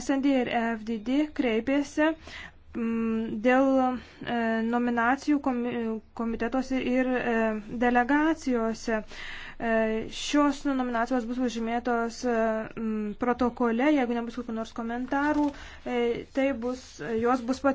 SND ir FDD kreipėsi mm, dėl e, nominacijų komitetuose ir e, delegacijose. E, šios nominacijos bus užžymėtos protokole, jeigu nebus kokių nors komentarų, tai bus, jos bus pat